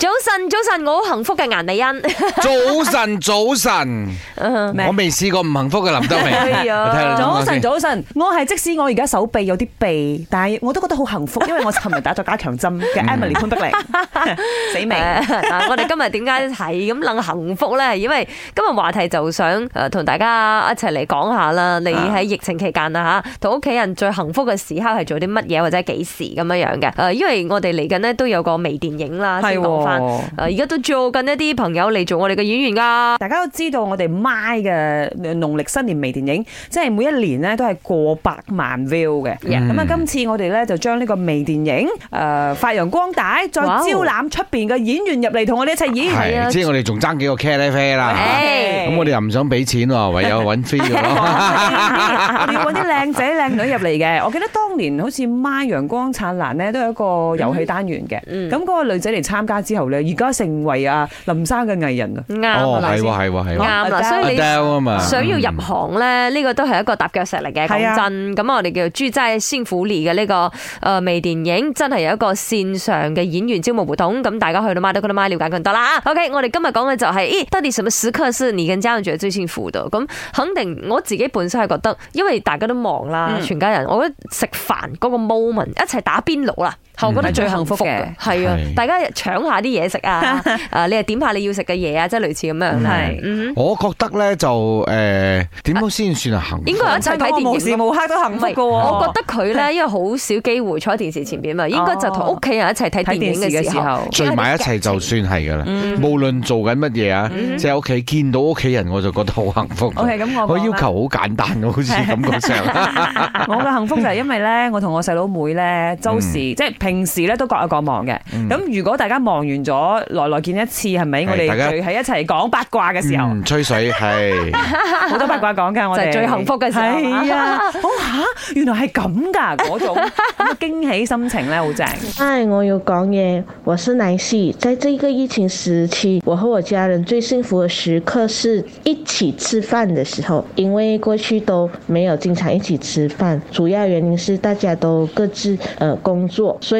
早晨，早晨，我好幸福嘅顏 美欣。 看看早晨，早晨，我未試過唔幸福嘅林德明。早晨，早晨，我係即使我而家手臂有啲痹，但係我都覺得好幸福，因為我琴日打咗加強針嘅 Emily 潘碧玲，死明。我哋今日點解係咁諗幸福咧？因為今日話題就想誒同大家一齊嚟講下啦，你喺疫情期間啊吓，同屋企人最幸福嘅時刻係做啲乜嘢或者幾時咁樣樣嘅？誒，因為我哋嚟緊咧都有個微電影啦。 誒，而家都做緊一啲朋友嚟做我哋嘅演員噶大家都知道我哋 my 嘅農曆新年微電影，即係每一年咧都係過百萬 view 嘅。咁啊，今次我哋咧就將呢個微電影誒發揚光大，再招攬出邊嘅演員入嚟同我哋一齊演。係，即係我哋仲爭幾個茄喱啡啦。咁我哋又唔想俾錢，唯有搵飛咯。要搵啲靚仔靚女入嚟嘅，我記得多。當年好似《m 陽陽光燦爛》咧，都有一個遊戲單元嘅。咁嗰、嗯、個女仔嚟參加之後咧，而家成為啊林生嘅藝人啊。啱、哦，係喎，係喎，係喎。啱所以你 le, 想要入行咧，呢、嗯、個都係一個踏腳石嚟嘅。講真，咁我哋叫朱仔先苦練嘅呢個誒、呃、微電影，真係有一個線上嘅演員招募活動。咁大家去到 m 得，都嗰度了解更多啦。OK，我哋今日講嘅就係、是《咦，Daddy 什麼時刻是你緊爭住追先苦度。咁肯定我自己本身係覺得，因為大家都忙啦，嗯、全家人，我覺得食。煩嗰個 moment 一齊打邊爐啦！我覺得最幸福嘅係啊，大家搶下啲嘢食啊，你係點下你要食嘅嘢啊，即係類似咁樣。係，我覺得咧就誒點樣先算係幸福？應該一齊睇電視。無時無刻都幸福嘅。我覺得佢咧因為好少機會坐喺電視前邊啊，應該就同屋企人一齊睇電視嘅時候，聚埋一齊就算係㗎啦。無論做緊乜嘢啊，即係屋企見到屋企人，我就覺得好幸福。我咁，我要求好簡單好似咁咁聲。我嘅幸福就係因為咧，我同我細佬妹咧周時，即係平時咧都各有各忙嘅，咁、嗯、如果大家忙完咗，來來見一次係咪？是我哋聚喺一齊講八卦嘅時候，嗯、吹水係好 多八卦講噶， 我哋最幸福嘅時候係啊！好吓、 哦啊，原來係咁噶嗰種驚、那個、喜心情咧，好正。 Hi, 我要講嘢，我是 Nancy 在這個疫情時期，我和我家人最幸福的時刻是一起吃飯的時候，因為過去都沒有經常一起吃飯，主要原因是大家都各自誒、呃、工作，所